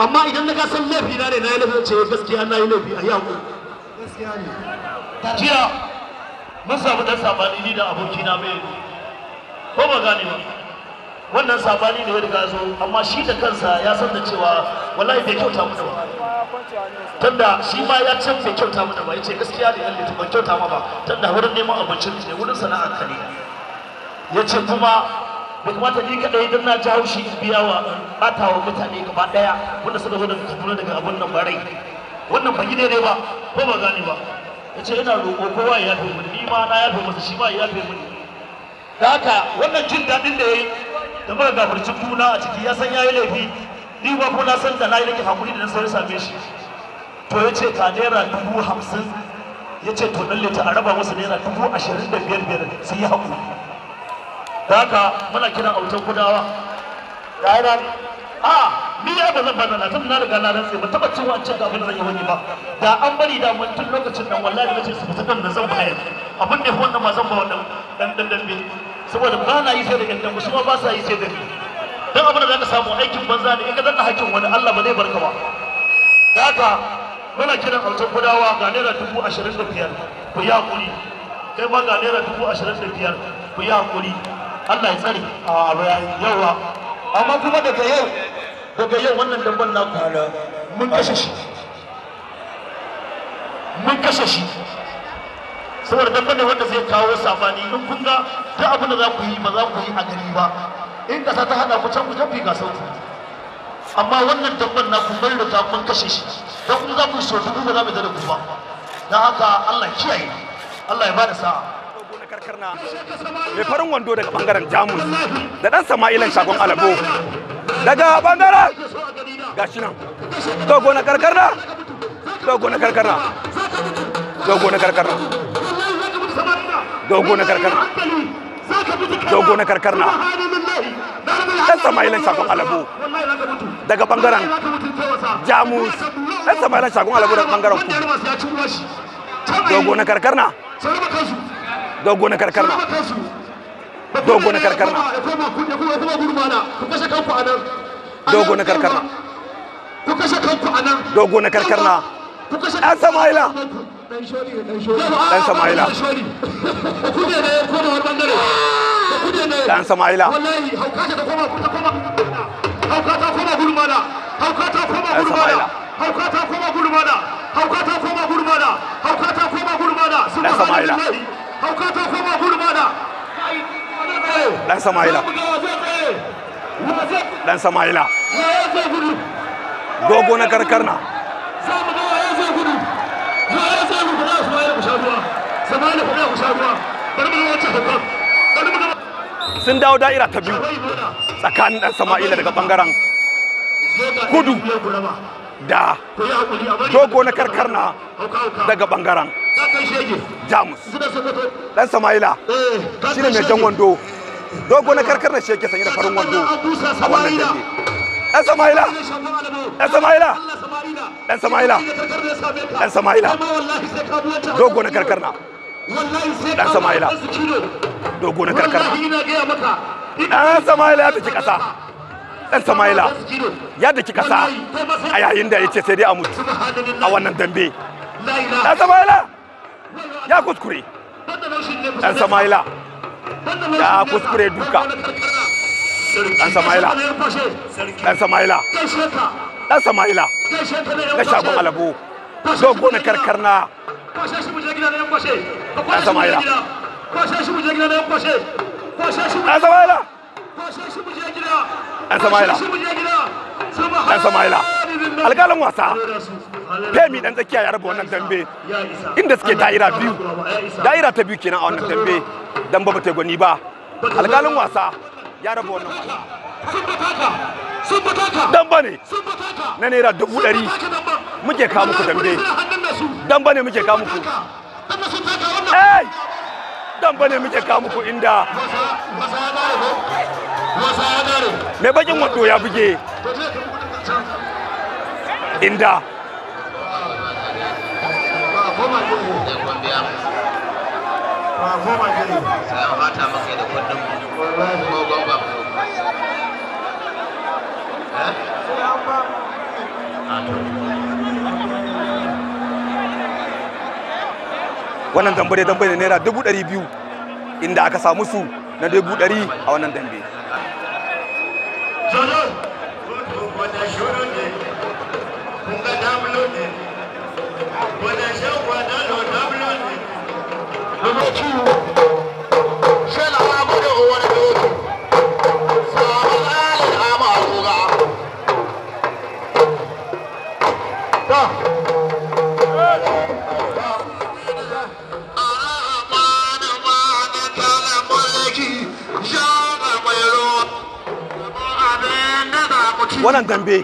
amma idan na san laifi na ne na yi laifin cewa gaskiya na yi laifi a yau jiya mun samu dan sabani ni da aboki na mai ko ba gane ba wannan sabani ne wanda ga zo amma shi da kansa ya san da cewa wallahi bai kyauta mu ba tunda shi ma ya can bai kyauta mu ba yace gaskiya ne Allah ta kyauta ma ba tunda wurin neman abincin ne wurin sana'ar ka ne yace kuma ba kamata ni kadai don na ji haushi biyawa, wa wa mutane gaba daya, wanda suka zo daga kaduna daga abin nan ba rai wannan ba gide ne ba ko ba gane ba ya ce ina roƙo kowa ya yafe mu ni ma na yafe masa shi ma ya yafe mu da haka wannan jin daɗin da ya yi da muka gafarci kuna a ciki ya san ya yi laifi ni ba ko na san da na yi nake hakuri da na sauri same shi to ya ce ta naira dubu hamsin ya ce to lalle ta araba masa naira dubu ashirin da biyar biyar sai ya haƙuri haka muna kiran autan kudawa ga nan a ni ya ba zan ba na tun na riga na rantse ba taba cewa an ce ga abin da zan yi wani ba da an bari da mun tun lokacin nan wallahi ce su fita da zan bayar abin da wannan ma zan ba wannan dan dan dan saboda ba na yi sai da yan su ba sa yi sai da dan abin da zaka samu aikin banza ne in ka danna hakkin wani Allah ba zai barka ba da haka muna kiran autan gudawa ga naira dubu ashirin da biyar ku yi hakuri kai ba ga naira dubu ashirin da biyar ku yi hakuri Allah ya tsare yawa amma kuma daga yau daga yau wannan damban na kwana mun kashe shi mun kashe shi saboda damban ne wanda zai kawo safani in kun ga ta abin da za ku yi ba za ku yi a gari ba in kasa ta hada ku can ku tafi ga sauki amma wannan damban na kun ta mun kashe shi don kun za ku yi sau dubu ba za mu da ku ba don haka Allah kiyaye Allah ya da sa'a mai farin wando daga bangaren jamus da dan sama'ilan shagon alabo daga bangaren gashi nan dogo na dogo na dogo na dogo na dogo na dan sama'ilan shagon alabo daga bangaren jamus dan sama'ilan shagon alabo daga bangaren kudu dogo na doggona kar karma doggona kar karma doggona kar karma ku kashe kanku anan doggona kar karma dan samaila dan samaila ku ne ne ko da wani bangare ku ne ne dan samaila wallahi hauka ta koma ku ta koma hauka ta koma gurmana hauka ta koma gurmana hauka ta koma gurmana hauka ta koma gurmana hauka ta koma gurmana subhanallahi hauka ta koma gudu mana dan samaila dan samaila dogo na karkarna sun dawo da'ira ta biyu tsakanin dan sama'ila daga bangaren kudu da dogo na karkarna daga bangaren jamus dan samaila eh, shi ne mai jan wando dogo na karkar na sheke sanye da farin wando a wannan dambe dan samaila dan samaila dan samaila dan samaila dogo na karkar na dan samaila dogo na karkar na dan samaila ya tafi kasa dan samaila ya daki kasa a yayin da ya ce sai dai a mutu a wannan dambe dan samaila ya kuskure dan samaila ya kuskure duka dan samaila dan samaila dan samaila ga shagon alabo dogo na karkarna dan samaila dan samaila dan samaila dan samaila alƙalin wasa femi dan tsakiya ya rabu wannan dambe inda suke da'ira biyu da'ira ta biyu kenan a wannan dambe dan ba ta gwani ba alƙalin wasa ya rabu wannan dan ba ne na naira dubu ɗari muke kawo muku dambe dan ba ne muke kawo muku dan ba ne muke kawo muku inda mai bakin wato ya buge inda wannan dambe dai dambe ne naira dubu ɗari biyu inda aka samu su na dubu ɗari a wannan dambe wannan dambe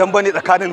damba ne tsakanin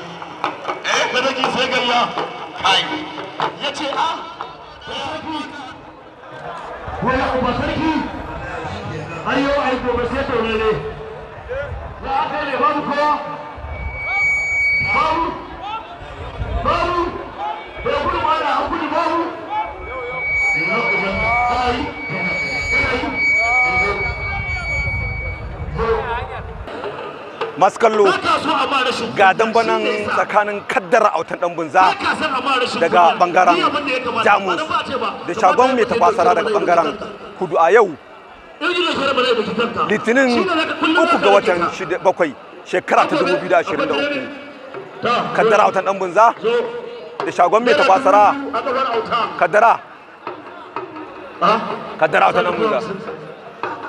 da ya sadaki sai gayya kai ya ce ah, a wani uba sarki an yi wa aiko ba sai taurare ya aka ne babu kowa babu masu kallo ga dambanan tsakanin kaddara a watan dan bunza daga bangaren jamus da shagon mai tafasara daga bangaren kudu a yau litinin uku ga watan bakwai shekara ta 2023 kaddara a watan dan bunza da shagon mai tafasara kaddara kaddara watan dan bunza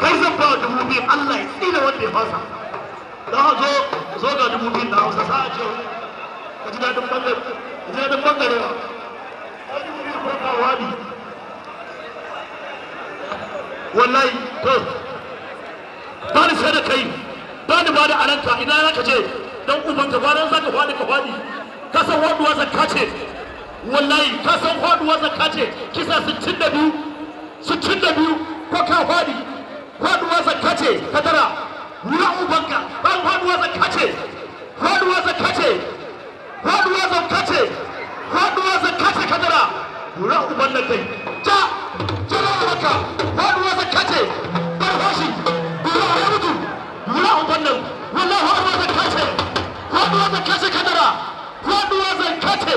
kai zan ba wa dubu biyu Allah ya tsina wanda ya fasa da ha zo zo ga dubu biyu da hausa sa a ce ka ji daɗin bangare ka ji daɗin bangare ba ai dubu biyu ko wani wallahi to ba ni sai da kai ba ni ba da alanta idan za ka je dan uban ka bayan za ka faɗi ka faɗi ka san waɗuwa zakka ce wallahi ka san waɗuwa zakka ce kisa 62 62 kace ka kace faduwa za kace faduwa za kace faduwa za kace ka tara wura kace bar hoshi wura ya mutu wura uban nan wallahi kace faduwa za kace ka kace kace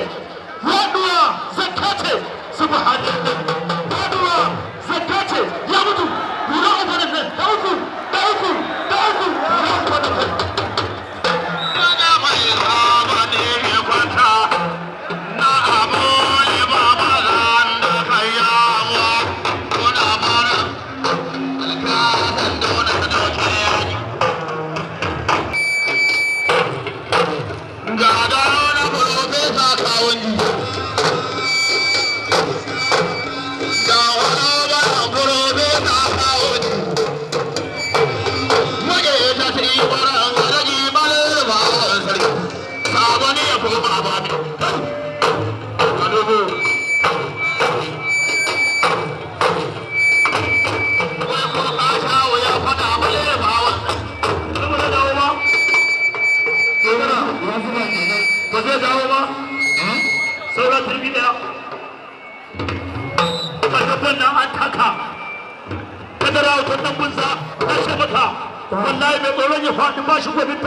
wallahi mai tsoron ya faɗi ba shi gwanin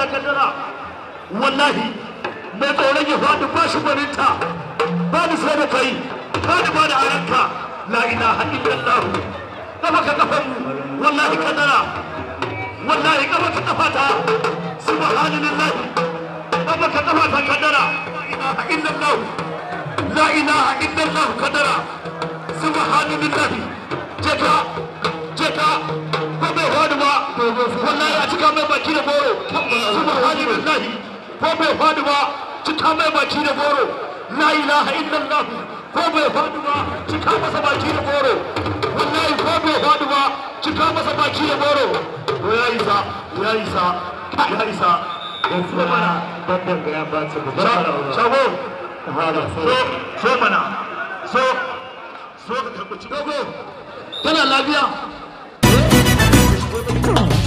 wallahi mai tsoron ya faɗi ba shi ba ni sai kai ba ni ba da aranka la ilaha illallah kafa ka kafan wallahi kaddara wallahi kafa ka kafa ta subhanallah kafa ka kafa ta kaddara jeka jeka ko bai faɗi ba wallahi a cika mai baki da goro subhanallahi billahi ko bai faɗi ba cika mai baki da goro la ilaha illallah ko bai faɗi ba cika masa baki da goro wallahi ko bai faɗi ba cika masa baki da goro ya isa ya isa ya isa mana babban ba su shago so so mana so so ka dogo tana lafiya with a